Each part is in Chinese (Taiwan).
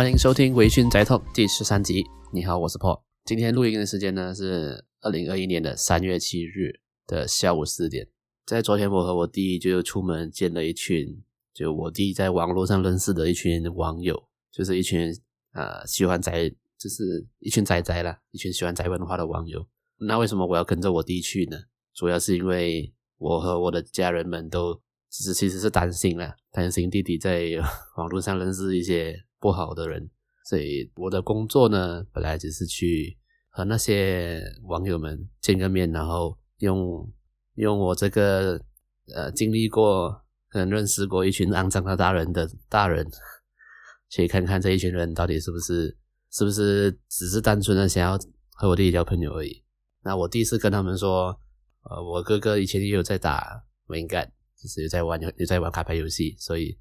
歡迎收聽《微醺宅 Talk》第十三集。你好，我是 Paul。今天錄音的時間呢是二零二一年的三月七日的下午四點。在昨天，我和我弟就出門見了一群，就我弟在網絡上認識的一群網友，就是一群啊、呃、喜歡宅，就是一群宅宅啦，一群喜歡宅文化的網友。那為什麼我要跟着我弟去呢？主要是因為我和我的家人們都其實其實是擔心啦，擔心弟弟在網絡上認識一些。不好的人，所以我的工作呢，本來只是去和那些網友們見個面，然後用用我這個呃經歷過、可能認識過一群骯髒的大人的大人，去看看這一群人到底是不是是不是只是單純的想要和我弟弟交朋友而已。那我第一次跟他們說，呃，我哥哥以前也有在打，Vanguard 就是有在玩有在玩卡牌遊戲，所以。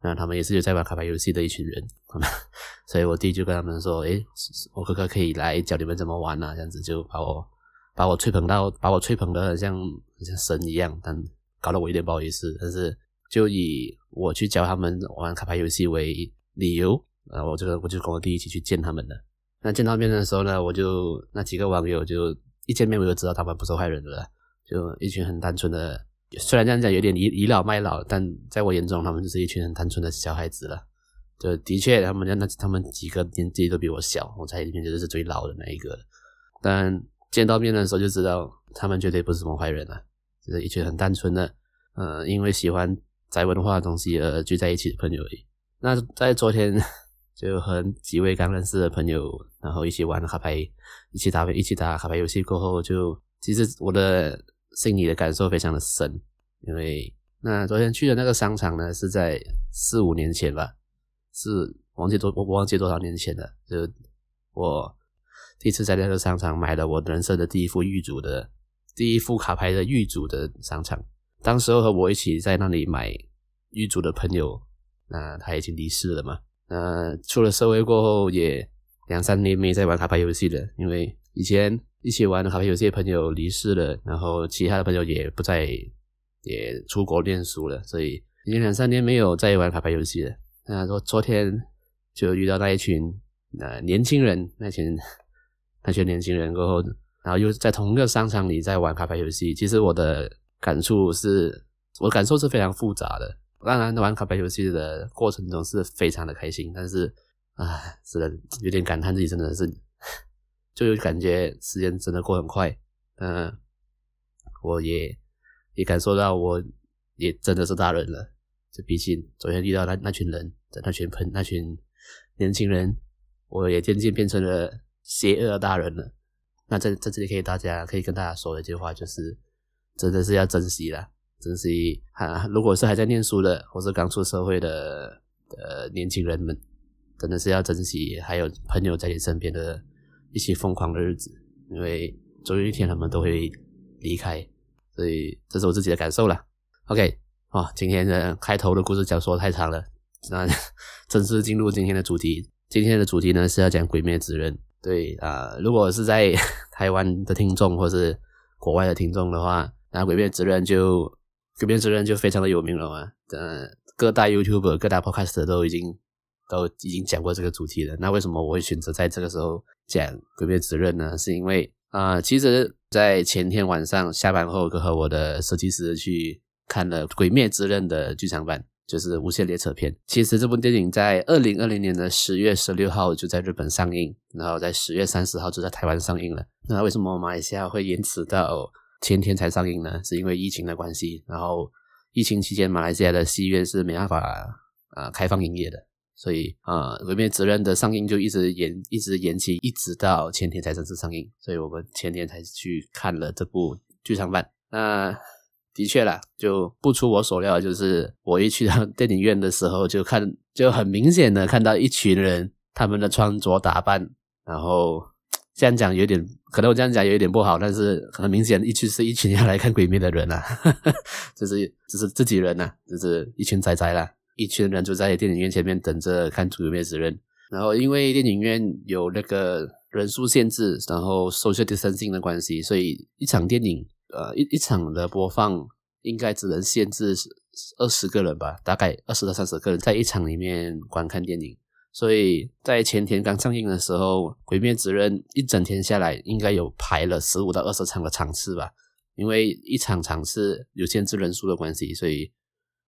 那他們也是有在玩卡牌遊戲的一群人， 所以，我弟就跟他們說：“哎、欸，我哥哥可以來、欸、教你們怎麼玩啊，這樣子就把我把我吹捧到把我吹捧的很像很像神一樣，但搞得我有點不好意思。但是就以我去教他們玩卡牌遊戲為理由，啊，我這個我就跟我弟一起去見他們的。那見到面的時候呢，我就那幾個網友就一見面我就知道他們不是壞人，對不對？就一群很單純的。雖然這樣講有點倚倚老賣老，但在我眼中，他們就是一群很單純的小孩子了。就的確，他們那他們幾個年紀都比我小，我在裡面就是最老的那一個。但見到面的時候就知道，他們絕對不是什麼壞人啊，就是一群很單純的，呃，因為喜歡宅文化的東西而聚在一起的朋友而已。那在昨天就和幾位剛認識的朋友，然後一起玩了卡牌，一起打一起打卡牌遊戲過後，就其實我的。心裡的感受非常的深，因為那昨天去的那個商場呢，是在四五年前吧，是忘記多我忘記多少年前了，就我第一次在那個商場買了我人生的第一副玉主的，第一副卡牌的玉主的商場。當時候和我一起在那裡買玉主的朋友，那他已經離世了嘛，那出了社會過後也，兩三年沒在玩卡牌遊戲了，因為以前一起玩的卡牌遊戲的朋友離世了，然後其他的朋友也不在，也出國念書了，所以已經兩三年沒有在玩卡牌遊戲了。那說昨天就遇到那一群呃年輕人，那群那些年輕人過後，然後又在同一個商場裡在玩卡牌遊戲。其實我的感觸是我感受是非常複雜的。當然，玩卡牌遊戲的過程中是非常的開心，但是。啊只能有點感嘆自己真的是，就有感覺時間真的過很快。嗯、呃，我也也感受到，我也真的是大人了。就畢竟昨天遇到那那群人，在那群噴那群年輕人，我也漸漸變成了邪惡大人了。那在在這裡可以大家可以跟大家說一句話，就是真的是要珍惜啦，珍惜哈、啊，如果是還在念書的，或是剛出社會的呃年輕人們。真的是要珍惜還有朋友在你身邊的，一起瘋狂的日子，因為總有一天他們都會離開，所以這是我自己的感受啦。OK，哇、哦，今天的開頭的故事講說太長了，那正式進入今天的主題。今天的主題呢是要講《鬼滅之刃》。對啊、呃，如果是在台灣的聽眾或是國外的聽眾的話，那《鬼滅之刃》就《鬼滅之刃》就非常的有名了嘛。嗯、呃，各大 YouTuber、各大 Podcast 都已經。都已經講過這個主題了，那為什麼我會選擇在這個時候講《鬼滅之刃》呢？是因為啊、呃，其實，在前天晚上下班後，我和我的設計師去看了《鬼滅之刃》的劇場版，就是《無限列車篇》片。其實這部電影在二零二零年的十月十六號就在日本上映，然後在十月三十號就在台灣上映了。那為什麼馬來西亞會延遲到前天才上映呢？是因為疫情的關係，然後疫情期間馬來西亞的戲院是沒辦法啊、呃、開放營業的。所以啊，呃，《鬼滅之刃》的上映就一直延，一直延期，一直到前天才正式上映。所以我們前天才去看了這部劇場版。那的確啦，就不出我所料，就是我一去到電影院的時候，就看，就很明顯的看到一群人，他們的穿着打扮，然後這樣講有點，可能我這樣講有點不好，但是很明顯，一群是一群要來看《鬼滅》的人啊， 就是就是自己人吶，啊，就是一群宅宅了。一群人就在電影院前面等着看《鬼滅之刃》，然後因為電影院有那個人數限制，然後 social distancing 的關係，所以一場電影，呃，一一場的播放應該只能限制二十個人吧，大概二十到三十個人在一場裡面觀看電影。所以在前天剛上映的時候，《鬼滅之刃》一整天下來應該有排了十五到二十場的場次吧，因為一場場次有限制人數的關係，所以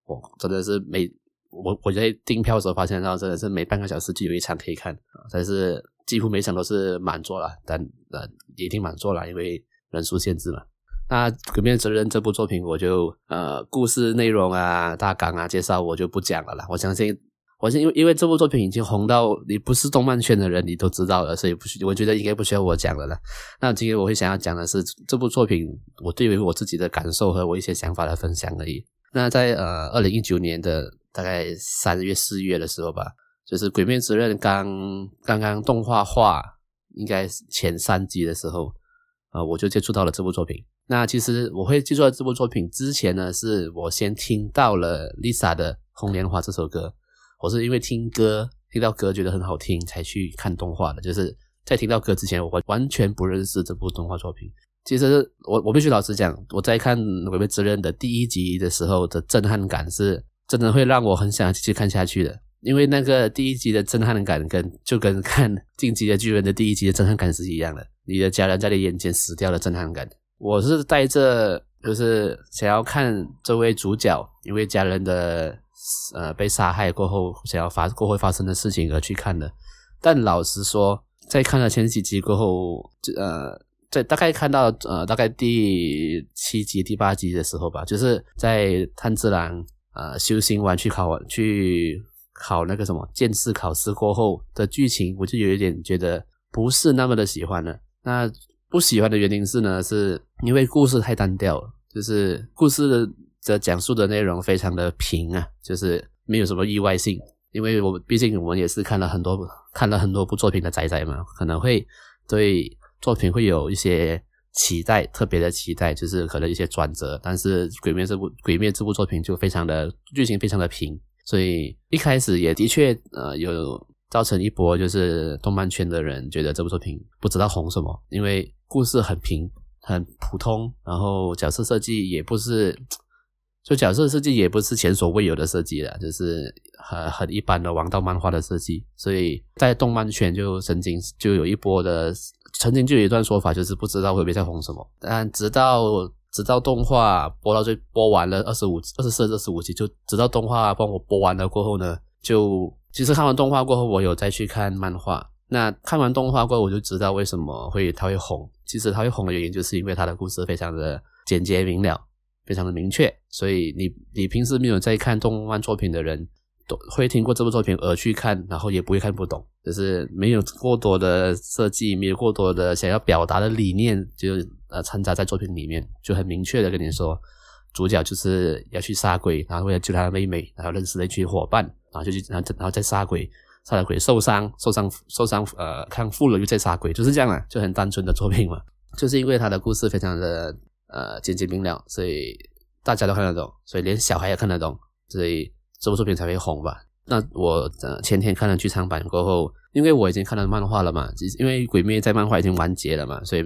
我真的是沒。我我在訂票的時候發現到真的是每半個小時就有一場可以看，呃、但是幾乎每場都是滿座了，但呃也挺滿座了，因為人數限制嘛。那《鬼滅之刃》這部作品，我就呃故事內容啊、大綱啊、介紹我就不講了啦。我相信，我相信因為因為這部作品已經紅到你不是動漫圈的人你都知道了，所以不需要，我覺得應該不需要我講了啦。那今天我會想要講的是這部作品，我對於我自己的感受和我一些想法的分享而已。那在呃二零一九年的，大概三月四月的時候吧，就是《鬼滅之刃》剛剛剛動畫化，應該前三集的時候，呃，我就接觸到了這部作品。那其實我會接觸到這部作品之前呢，是我先聽到了 Lisa 的《紅蓮華》這首歌，我是因為聽歌聽到歌覺得很好聽，才去看動畫的。就是在聽到歌之前，我完全不認識這部動畫作品。其實我我必須老實講，我在看《鬼滅之刃》的第一集的時候的震撼感是真的會讓我很想繼續看下去的，因為那個第一集的震撼感跟就跟看《進擊的巨人》的第一集的震撼感是一樣的。你的家人在你眼前死掉的震撼感。我是帶着就是想要看這位主角因為家人的呃被殺害過後想要發過會發生的事情而去看的。但老實說，在看了前幾集過後，呃，在大概看到呃大概第七集第八集的時候吧，就是在炭治郎。呃，修心完去考，去考那個什麼劍士考試過後的劇情，我就有一點覺得不是那麼的喜歡了。那不喜歡的原因是呢，是因為故事太單調，就是故事的講述的內容非常的平啊，就是沒有什麼意外性。因為我畢竟我們也是看了很多看了很多部作品的宅仔嘛，可能會對作品會有一些。期待特別的期待，就是可能一些轉折，但是《鬼滅》這部《鬼滅》這部作品就非常的劇情非常的平，所以一開始也的確呃有造成一波就是動漫圈的人覺得這部作品不知道紅什麼，因為故事很平很普通，然後角色設計也不是，就角色設計也不是前所未有的設計了，就是很很一般的王道漫畫的設計，所以在動漫圈就曾經就有一波的。曾經就有一段說法，就是不知道會不會在紅什麼，但直到直到動畫播到最播完了二十五二十四二十五集，就直到動畫幫我播完了過後呢，就其實看完動畫過後，我有再去看漫畫。那看完動畫過後，我就知道為什麼會它會紅。其實它會紅的原因，就是因為它的故事非常的簡潔明了，非常的明確。所以你你平時沒有在看動漫作品的人。會聽過這部作品而去看，然後也不會看不懂，就是沒有過多的設計，沒有過多的想要表達的理念就，就呃摻雜在作品裡面，就很明確的跟你說，主角就是要去殺鬼，然後為了救他的妹妹，然後認識了一群夥伴，然後就去然後然後再殺鬼，殺了鬼受傷受傷受傷，受傷呃康復了又再殺鬼，就是這樣了，啊，就很單純的作品嘛，就是因為他的故事非常的呃簡潔明了，所以大家都看得懂，所以連小孩也看得懂，所以這部作品才會紅吧？那我前天看了劇場版過後，因為我已經看了漫畫了嘛，因為《鬼滅》在漫畫已經完結了嘛，所以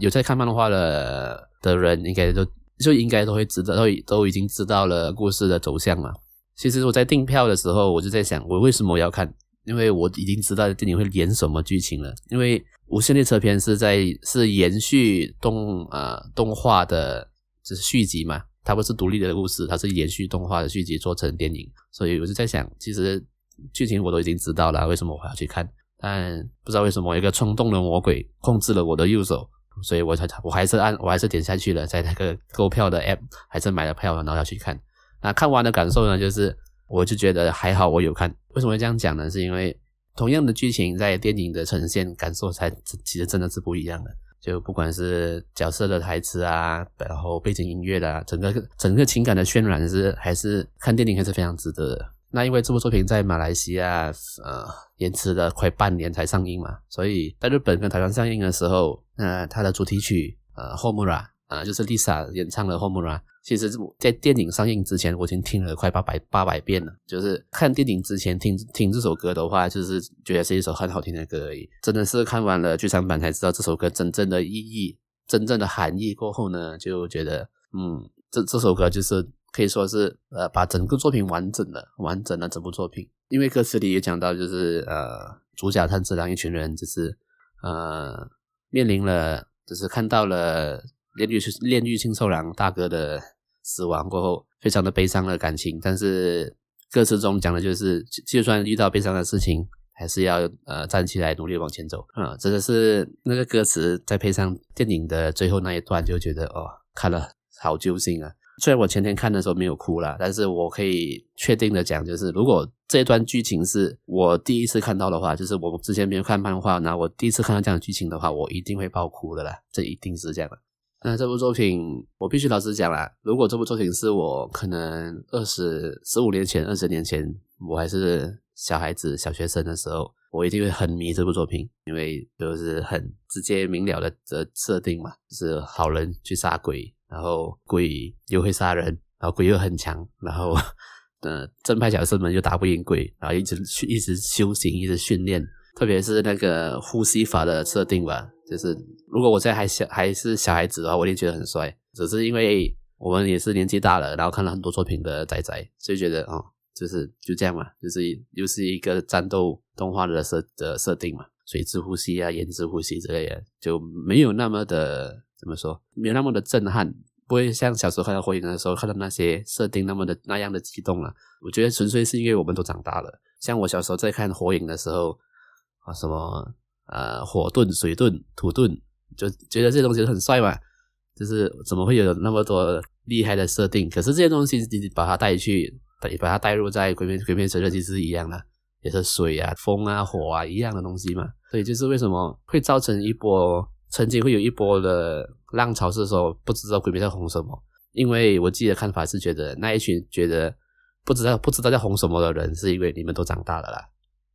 有在看漫畫了的、的人應該都就應該都會知道都都已經知道了故事的走向嘛。其實我在訂票的時候我就在想，我為什麼要看？因為我已經知道電影會演什麼劇情了。因為《無限列車篇》是在是延續動啊、呃、動畫的，就是續集嘛。它不是獨立的故事，它是延續動畫的續集做成電影，所以我就在想，其實劇情我都已經知道了，為什麼我要去看？但不知道為什麼，一個衝動的魔鬼控制了我的右手，所以我才，我還是按，我還是點下去了，在那個購票的 app 還是買了票，然後要去看。那看完的感受呢，就是我就覺得還好，我有看。為什麼會這樣講呢？是因為同樣的劇情在電影的呈現感受才，其實真的是不一樣的。就不管是角色的台詞啊，然後背景音樂的、啊，整個整個情感的渲染，是還是看電影還是非常值得的。那因為這部作品在馬來西亞呃延遲了快半年才上映嘛，所以在日本跟台灣上映的時候，呃，它的主題曲呃 Homura。啊、呃，就是 Lisa 演唱的《Homura》。其實在電影上映之前，我已經聽了快八百八百遍了。就是看電影之前聽聽這首歌的話，就是覺得是一首很好聽的歌而已。真的是看完了劇場版才知道這首歌真正的意義、真正的含義。過後呢，就覺得，嗯，這這首歌就是可以說是，呃，把整個作品完整了，完整了整部作品。因為歌詞裡也講到，就是呃，主角炭治郎一群人就是，呃，面臨了，就是看到了。煉獄是煉獄杏壽郎大哥的死亡過後，非常的悲傷的感情。但是歌詞中講的就是，就算遇到悲傷的事情，還是要呃站起來努力往前走。啊、嗯，真的是那個歌詞再配上電影的最後那一段，就覺得哦，看了好揪心啊！雖然我前天看的時候沒有哭啦，但是我可以確定的講，就是如果這一段劇情是我第一次看到的話，就是我之前沒有看漫畫，那我第一次看到這樣的劇情的話，我一定會爆哭的啦！這一定是這樣的。那這部作品，我必須老實講啦，如果這部作品是我可能二十十五年前，二十年前，我還是小孩子、小學生的時候，我一定會很迷這部作品，因為都是很直接明了的設定嘛，就是好人去殺鬼，然後鬼又會殺人，然後鬼又很強，然後呃 正派角色們又打不贏鬼，然後一直去一直修行、一直訓練，特別是那個呼吸法的設定吧。就是，如果我現在還小，還是小孩子的話，我也覺得很帥。只是因為、欸、我們也是年紀大了，然後看了很多作品的仔仔，所以覺得哦，就是就這樣嘛，就是又是一個戰鬥動畫的設的設定嘛，水之呼吸啊，岩之呼吸之類的，就沒有那麼的怎麼說，沒有那麼的震撼，不會像小時候看到火影的時候看到那些設定那麼的那樣的激動了、啊。我覺得純粹是因為我們都長大了。像我小時候在看火影的時候啊，什麼。呃，火遁、水遁、土遁，就覺得這些東西很帥嘛，就是怎麼會有那麼多厲害的設定？可是這些東西你把它帶去，你把它帶入在《鬼滅》《鬼滅》世界其實是一樣的，也是水啊、風啊、火啊一樣的東西嘛。所以就是為什麼會造成一波，曾經會有一波的浪潮時的時候，不知道《鬼滅》在紅什麼？因為我自己的看法是覺得，那一群覺得不知道不知道在紅什麼的人，是因為你們都長大了啦，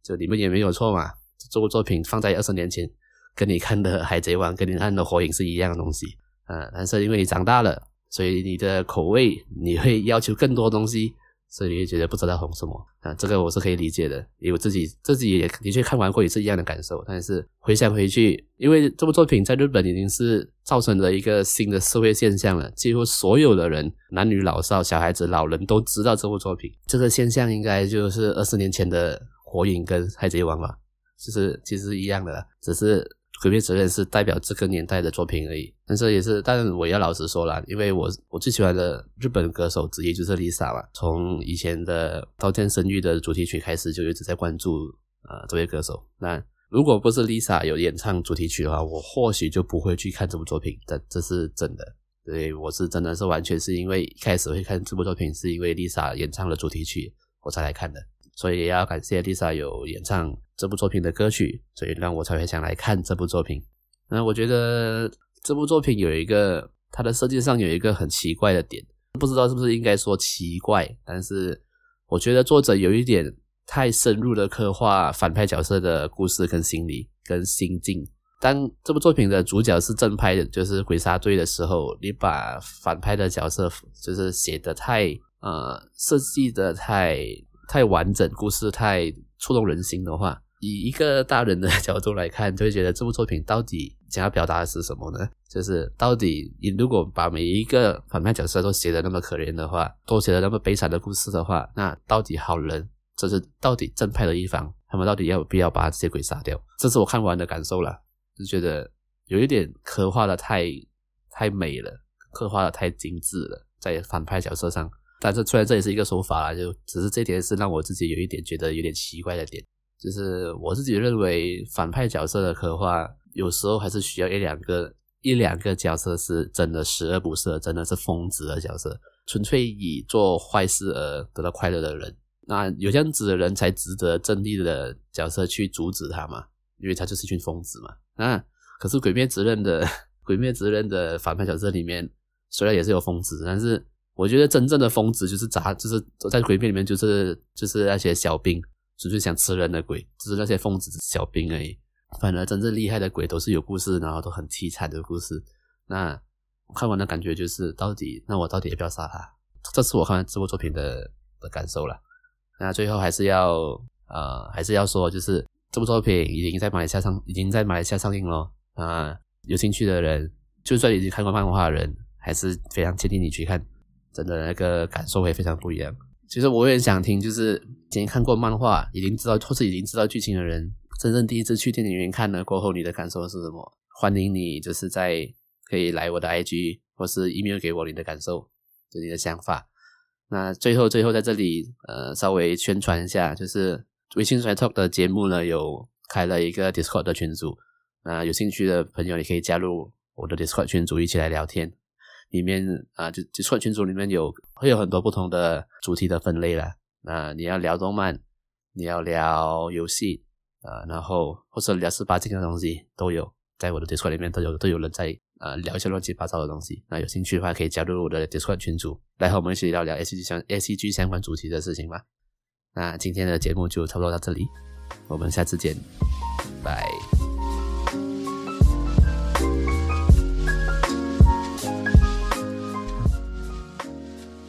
就你們也沒有錯嘛。這部作品放在二十年前，跟你看的《海賊王》、跟你看的《火影》是一樣的東西，呃、啊，但是因為你長大了，所以你的口味你會要求更多東西，所以你會覺得不知道紅什麼。呃、啊，這個我是可以理解的，因為自己自己也的確看完過，也是一樣的感受。但是回想回去，因為這部作品在日本已經是造成了一個新的社會現象了，幾乎所有的人，男女老少、小孩子、老人都知道這部作品。這個現象應該就是二十年前的《火影》跟《海賊王》吧。就是其實，其實是一樣的啦，只是《鬼滅之刃》是代表這個年代的作品而已。但是也是，但我要老實說啦，因為我我最喜歡的日本歌手之一就是 Lisa 嘛，從以前的《刀劍神域》的主題曲開始，就一直在關注呃這位歌手。那如果不是 Lisa 有演唱主題曲的話，我或許就不會去看這部作品。但這是真的，對，我是真的是完全是因為一開始會看這部作品，是因為 Lisa 演唱的主題曲我才來看的。所以也要感謝 Lisa 有演唱這部作品的歌曲，所以讓我才會想來看這部作品。那我覺得這部作品有一個它的設計上有一個很奇怪的點，不知道是不是應該說奇怪，但是我覺得作者有一點太深入的刻畫反派角色的故事跟心理跟心境。當這部作品的主角是正派的，就是鬼殺隊的時候，你把反派的角色就是寫得太，呃，設計得太。呃設計得太太完整，故事太觸動人心的話，以一個大人的角度來看，就會覺得這部作品到底想要表達的是什麼呢？就是到底你如果把每一個反派角色都寫的那麼可憐的話，都寫的那麼悲慘的故事的話，那到底好人，就是到底正派的一方，他們到底要不要把這些鬼殺掉？這是我看完的感受了，就覺得有一點刻畫的太太美了，刻畫的太精緻了，在反派角色上。但是雖然這也是一個說法啦，就只是這點是讓我自己有一點覺得有點奇怪的點，就是我自己認為反派角色的刻畫，有時候還是需要一兩個一兩個角色是真的十惡不赦，真的是瘋子的角色，純粹以做壞事而得到快樂的人，那有這樣子的人才值得正義的角色去阻止他嘛。因為他就是一群瘋子嘛。啊，可是《鬼滅之刃》的《鬼滅之刃》的反派角色裡面，雖然也是有瘋子，但是。我覺得真正的瘋子就是砸，就是在鬼片裡面，就是就是那些小兵，純粹想吃人的鬼，就是那些瘋子，就是小兵而已。反而真正厲害的鬼都是有故事，然後都很淒慘的故事。那我看完的感覺就是，到底那我到底要不要殺他？這是我看完這部作品的的感受了。那最後還是要呃，還是要說，就是這部作品已經在馬來西亞上已經在馬來西亞上映咯。啊。有興趣的人，就算已經看過漫畫的人，還是非常建議你去看。真的那個感受會非常不一樣。其實我也想聽，就是今天看過漫畫、已經知道或是已經知道劇情的人，真正第一次去電影院看了過後，你的感受是什麼？歡迎你，就是在可以來我的 IG 或是 email 給我你的感受，就是、你的想法。那最後最後在這裡，呃，稍微宣傳一下，就是微醺宅 Talk 的節目呢，有開了一個 Discord 的群組，那、呃、有興趣的朋友也可以加入我的 Discord 群組一起來聊天。裡面啊、呃，就就 Discord 群組裡面有會有很多不同的主題的分類啦。那你要聊動漫，你要聊遊戲，呃，然後或者聊十八禁的東西都有，在我的 Discord 裡面都有都有人在呃聊一些亂七八糟的東西。那有興趣的話，可以加入我的 Discord 群組，來和我們一起聊聊 ACG 相 ACG 相關主題的事情吧。那今天的節目就差不多到這裡，我們下次見，拜拜。